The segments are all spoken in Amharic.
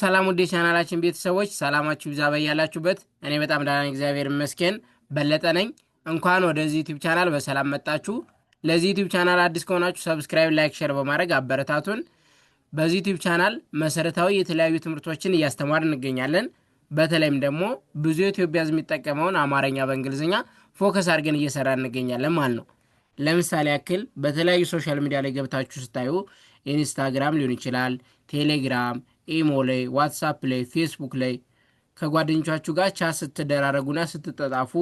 ሰላም ውዴ ቻናላችን ቤተሰቦች ሰላማችሁ ይብዛ በያላችሁበት። እኔ በጣም ደህና ነኝ፣ እግዚአብሔር ይመስገን። በለጠ ነኝ። እንኳን ወደዚህ ዩቲብ ቻናል በሰላም መጣችሁ። ለዚህ ዩቲብ ቻናል አዲስ ከሆናችሁ ሰብስክራይብ፣ ላይክ፣ ሼር በማድረግ አበረታቱን። በዚህ ዩቲብ ቻናል መሰረታዊ የተለያዩ ትምህርቶችን እያስተማር እንገኛለን። በተለይም ደግሞ ብዙ ኢትዮጵያ የሚጠቀመውን አማርኛ በእንግሊዝኛ ፎከስ አድርገን እየሰራ እንገኛለን ማለት ነው። ለምሳሌ ያክል በተለያዩ ሶሻል ሚዲያ ላይ ገብታችሁ ስታዩ ኢንስታግራም ሊሆን ይችላል፣ ቴሌግራም ኢሞ ላይ፣ ዋትሳፕ ላይ፣ ፌስቡክ ላይ ከጓደኞቻችሁ ጋር ቻ ስትደራረጉና ስትጠጣፉ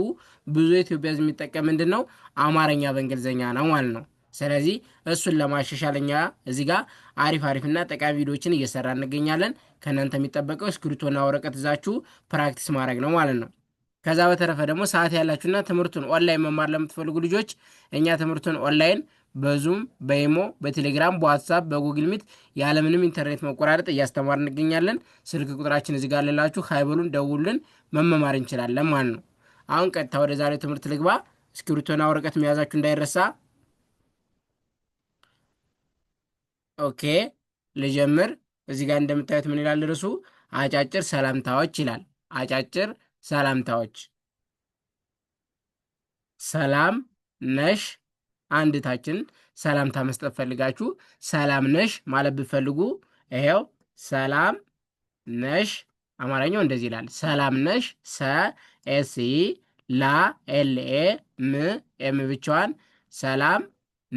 ብዙ ኢትዮጵያ ሕዝብ የሚጠቀም ምንድን ነው አማርኛ በእንግሊዝኛ ነው ማለት ነው። ስለዚህ እሱን ለማሻሻለኛ እዚ ጋ አሪፍ አሪፍና ጠቃሚ ቪዲዮችን እየሰራ እንገኛለን። ከእናንተ የሚጠበቀው እስክሪቶና ወረቀት ይዛችሁ ፕራክቲስ ማድረግ ነው ማለት ነው። ከዛ በተረፈ ደግሞ ሰዓት ያላችሁና ትምህርቱን ኦንላይን መማር ለምትፈልጉ ልጆች እኛ ትምህርቱን ኦንላይን በዙም በኢሞ በቴሌግራም በዋትሳፕ በጉግል ሚት ያለምንም ኢንተርኔት መቆራረጥ እያስተማር እንገኛለን። ስልክ ቁጥራችን እዚህ ጋር ልላችሁ ሀይበሉን ደውልን መመማር እንችላለን ማለት ነው። አሁን ቀጥታ ወደ ዛሬው ትምህርት ልግባ። እስክሪቶና ወረቀት መያዛችሁ እንዳይረሳ። ኦኬ ልጀምር። እዚህ ጋር እንደምታዩት ምን ይላል ርሱ አጫጭር ሰላምታዎች ይላል። አጫጭር ሰላምታዎች። ሰላም ነሽ አንድታችን ሰላምታ መስጠት ፈልጋችሁ ሰላም ነሽ ማለት ብትፈልጉ ይኸው ሰላም ነሽ አማርኛው እንደዚህ ይላል። ሰላም ነሽ ሰ ኤስ ላ ኤል ኤ ም ኤም ብቻዋን ሰላም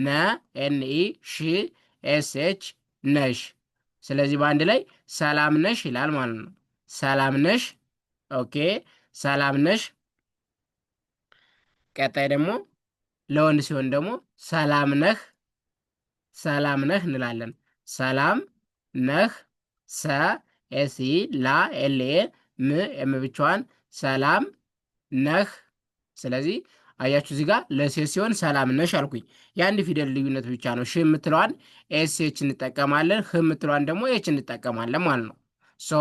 ነ ኤን ኢ ሺ ኤስ ኤች ነሽ። ስለዚህ በአንድ ላይ ሰላም ነሽ ይላል ማለት ነው። ሰላም ነሽ። ኦኬ ሰላም ነሽ። ቀጣይ ደግሞ ለወንድ ሲሆን ደግሞ ሰላም ነህ ሰላም ነህ እንላለን። ሰላም ነህ ሰ ኤሲ ላ ኤልኤ ም ኤም ብቻዋን ሰላም ነህ። ስለዚህ አያችሁ እዚህ ጋር ለሴት ሲሆን ሰላም ነሽ አልኩኝ። የአንድ ፊደል ልዩነት ብቻ ነው። ሽ የምትለዋን ኤስ ኤች እንጠቀማለን፣ ህ የምትለዋን ደግሞ ኤች እንጠቀማለን ማለት ነው። ሶ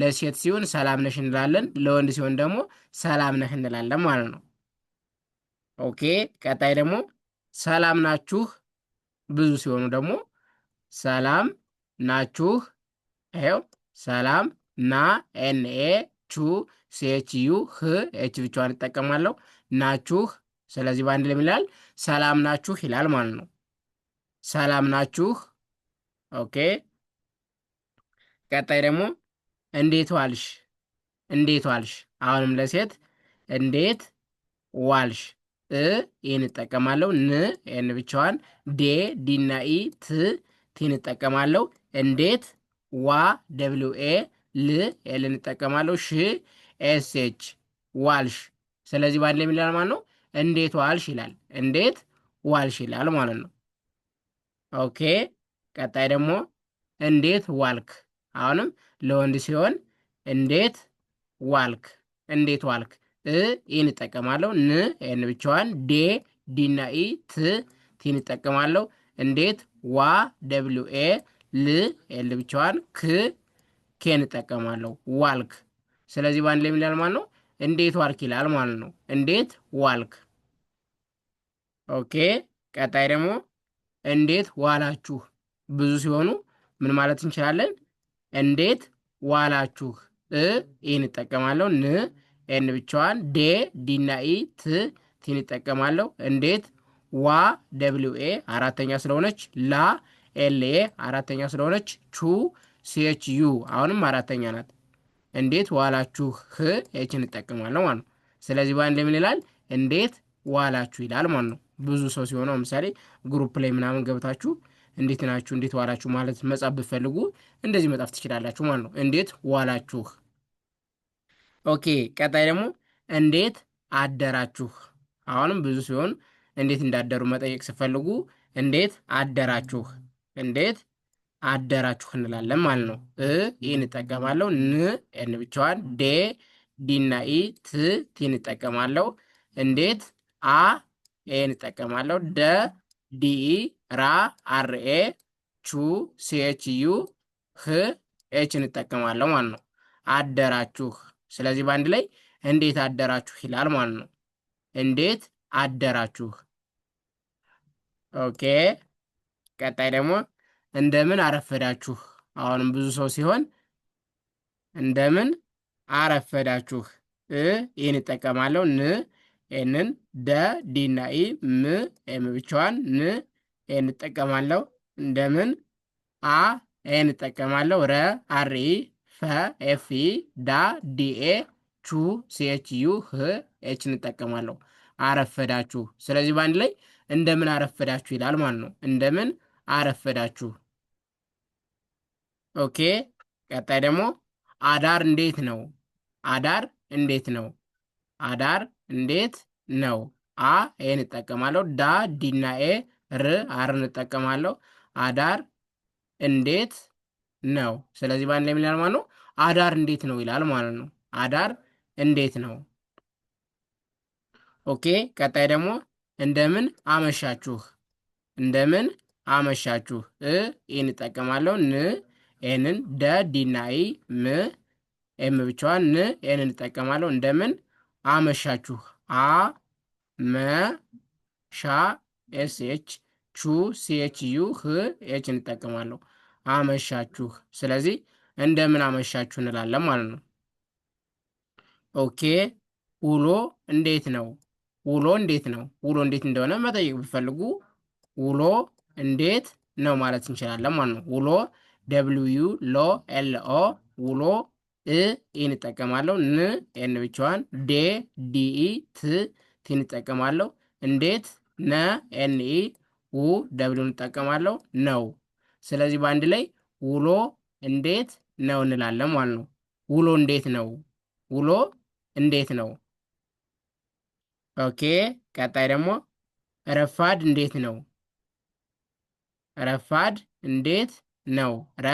ለሴት ሲሆን ሰላም ነሽ እንላለን፣ ለወንድ ሲሆን ደግሞ ሰላም ነህ እንላለን ማለት ነው። ኦኬ። ቀጣይ ደግሞ ሰላም ናችሁ ብዙ ሲሆኑ ደግሞ ሰላም ናችሁ። ይኸው ሰላም ና ኤንኤ ቹ ዩ ህ ኤች ብቻዋን እጠቀማለሁ ናችሁ። ስለዚህ በአንድ ላይ ይላል ሰላም ናችሁ ይላል ማለት ነው። ሰላም ናችሁ። ኦኬ። ቀጣይ ደግሞ እንዴት ዋልሽ፣ እንዴት ዋልሽ። አሁንም ለሴት እንዴት ዋልሽ እ ይህን ን ኤን ብቻዋን ዴ ዲና ኢ ት ቲ እጠቀማለሁ። እንዴት ዋ ደብሊው ኤ ል ኤል እጠቀማለሁ። ሽ ኤስ ኤች ዋልሽ። ስለዚህ በአንድ ላይ የሚላል ማለት ነው እንዴት ዋልሽ ይላል። እንዴት ዋልሽ ይላል ማለት ነው። ኦኬ ቀጣይ ደግሞ እንዴት ዋልክ። አሁንም ለወንድ ሲሆን እንዴት ዋልክ፣ እንዴት ዋልክ ኢን እጠቀማለሁ። ን ኤን ብቻዋን፣ ዴ ዲና ኢ፣ ት ቲን እጠቀማለሁ። እንዴት ዋ ደብሊው ኤ፣ ል ኤል ብቻዋን፣ ክ ኬ እንጠቀማለሁ ዋልክ። ስለዚህ በአንድ ላይ የሚላል ማለት ነው እንዴት ዋልክ ይላል ማለት ነው። እንዴት ዋልክ። ኦኬ። ቀጣይ ደግሞ እንዴት ዋላችሁ። ብዙ ሲሆኑ ምን ማለት እንችላለን? እንዴት ዋላችሁ እ ኢን እጠቀማለሁ ን ኤን ብቻዋን ዴ ዲና ኢ ት ቲን ይጠቀማለሁ። እንዴት ዋ ደብሊው ኤ አራተኛ ስለሆነች፣ ላ ኤል ኤ አራተኛ ስለሆነች፣ ቹ ሲኤች ዩ አሁንም አራተኛ ናት። እንዴት ዋላችሁ ህ ኤችን እንጠቀማለሁ ማለት ነው። ስለዚህ በአንድ ምን ይላል? እንዴት ዋላችሁ ይላል ማለት ነው። ብዙ ሰው ሲሆነ ምሳሌ ግሩፕ ላይ ምናምን ገብታችሁ እንዴት ናችሁ፣ እንዴት ዋላችሁ ማለት መጻፍ ብትፈልጉ እንደዚህ መጻፍ ትችላላችሁ ማለት ነው። እንዴት ዋላችሁ ኦኬ ቀጣይ ደግሞ እንዴት አደራችሁ። አሁንም ብዙ ሲሆን እንዴት እንዳደሩ መጠየቅ ሲፈልጉ እንዴት አደራችሁ፣ እንዴት አደራችሁ እንላለን ማለት ነው። እ እንጠቀማለሁ ን ን ብቻዋን፣ ዴ ዲና ኢ፣ ት ቲ እንጠቀማለሁ። እንዴት አ ኤ እንጠቀማለሁ። ደ ዲኢ፣ ራ ኤ ቹ ሲኤች ዩ፣ ህ ኤች እንጠቀማለሁ ማለት ነው። አደራችሁ ስለዚህ በአንድ ላይ እንዴት አደራችሁ ይላል ማለት ነው። እንዴት አደራችሁ። ኦኬ። ቀጣይ ደግሞ እንደምን አረፈዳችሁ። አሁንም ብዙ ሰው ሲሆን እንደምን አረፈዳችሁ እ ይህን እጠቀማለሁ ን ኤንን ደ ዲና ኢ ም ኤም ብቻዋን ን ኤን እጠቀማለሁ። እንደምን አ ኤን እጠቀማለሁ። ረ አር ኢ ፈ ኤፍ ዳ ዲኤ ቹ ሲኤች ዩ ህ ኤች እንጠቀማለሁ። አረፈዳችሁ። ስለዚህ በአንድ ላይ እንደምን አረፈዳችሁ ይላል ማለት ነው። እንደምን አረፈዳችሁ። ኦኬ። ቀጣይ ደግሞ አዳር እንዴት ነው? አዳር እንዴት ነው? አዳር እንዴት ነው? አ ኤ እንጠቀማለሁ። ዳ ዲና ኤ ር አር እንጠቀማለሁ። አዳር እንዴት ነው። ስለዚህ በአንድ ላይ ምን ማለት ነው? አዳር እንዴት ነው ይላል ማለት ነው። አዳር እንዴት ነው? ኦኬ። ቀጣይ ደግሞ እንደምን አመሻችሁ፣ እንደምን አመሻችሁ። እ ይህን እጠቀማለሁ ን ኤንን ደ ዲናይ ም ኤም ብቻዋን ን ኤንን እንጠቀማለሁ እንደምን አመሻችሁ አ መ ሻ ኤስ ኤች ቹ ሲ ኤች ዩ ህ ኤች እንጠቀማለሁ። አመሻችሁ። ስለዚህ እንደምን አመሻችሁ እንላለን ማለት ነው። ኦኬ ውሎ እንዴት ነው? ውሎ እንዴት ነው? ውሎ እንዴት እንደሆነ መጠየቅ ቢፈልጉ ውሎ እንዴት ነው ማለት እንችላለን ማለት ነው። ውሎ ደብልዩ ሎ ኤል ኦ ውሎ እ እንጠቀማለሁ ን ኤን ብቻዋን ዴ ዲ ኢ ት ቲ እንጠቀማለሁ እንዴት ነ ኤን ኢ ው ደብልዩ እንጠቀማለሁ ነው ስለዚህ በአንድ ላይ ውሎ እንዴት ነው እንላለን ማለት ነው። ውሎ እንዴት ነው? ውሎ እንዴት ነው? ኦኬ። ቀጣይ ደግሞ ረፋድ እንዴት ነው? ረፋድ እንዴት ነው? ረ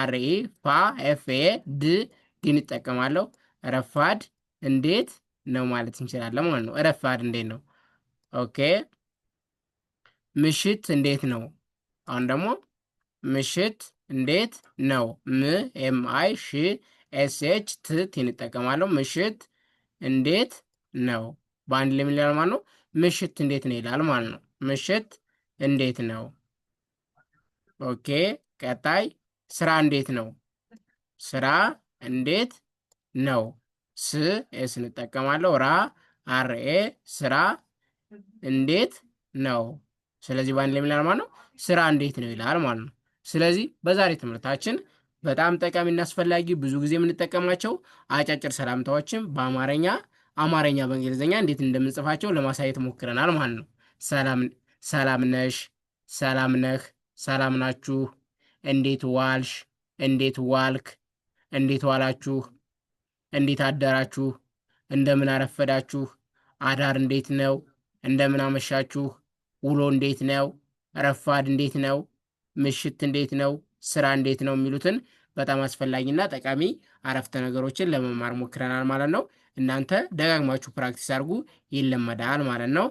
አርኢ ፋ ኤፍኤ ድ ግን ይጠቀማለሁ። ረፋድ እንዴት ነው ማለት እንችላለን ማለት ነው። ረፋድ እንዴት ነው? ኦኬ። ምሽት እንዴት ነው? አሁን ደግሞ ምሽት እንዴት ነው? ም ኤም አይ ሺ ኤስ ኤች ት ቲን እጠቀማለሁ። ምሽት እንዴት ነው በአንድ ላይ የሚላል ማለት ነው። ምሽት እንዴት ነው ይላል ማለት ነው። ምሽት እንዴት ነው? ኦኬ። ቀጣይ ስራ እንዴት ነው? ስራ እንዴት ነው? ስ ኤስ እንጠቀማለሁ። ራ አር ኤ ስራ እንዴት ነው? ስለዚህ በአንድ ላይ የሚላል ማለት ነው። ስራ እንዴት ነው ይላል ማለት ነው። ስለዚህ በዛሬ ትምህርታችን በጣም ጠቃሚና አስፈላጊ ብዙ ጊዜ የምንጠቀማቸው አጫጭር ሰላምታዎችን በአማርኛ አማርኛ በእንግሊዝኛ እንዴት እንደምንጽፋቸው ለማሳየት ሞክረናል ማለት ነው። ሰላም ነሽ፣ ሰላም ነህ፣ ሰላም ናችሁ፣ እንዴት ዋልሽ፣ እንዴት ዋልክ፣ እንዴት ዋላችሁ፣ እንዴት አደራችሁ፣ እንደምን አረፈዳችሁ፣ አዳር እንዴት ነው፣ እንደምን አመሻችሁ፣ ውሎ እንዴት ነው፣ ረፋድ እንዴት ነው ምሽት እንዴት ነው፣ ስራ እንዴት ነው የሚሉትን በጣም አስፈላጊና ጠቃሚ አረፍተ ነገሮችን ለመማር ሞክረናል ማለት ነው። እናንተ ደጋግማችሁ ፕራክቲስ አድርጉ፣ ይለመዳል ማለት ነው።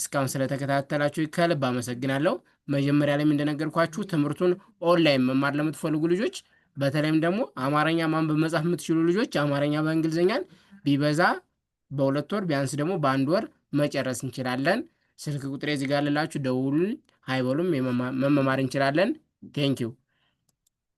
እስካሁን ስለተከታተላችሁ ከልብ አመሰግናለሁ። መጀመሪያ ላይም እንደነገርኳችሁ ትምህርቱን ኦንላይን መማር ለምትፈልጉ ልጆች በተለይም ደግሞ አማርኛ ማንበብ መጻፍ የምትችሉ ልጆች አማርኛ በእንግሊዝኛን ቢበዛ በሁለት ወር ቢያንስ ደግሞ በአንድ ወር መጨረስ እንችላለን። ስልክ ቁጥሬ ዝጋልላችሁ ደውሉን። ሀይበሉም መመማር መማማር እንችላለን። ቴንኪው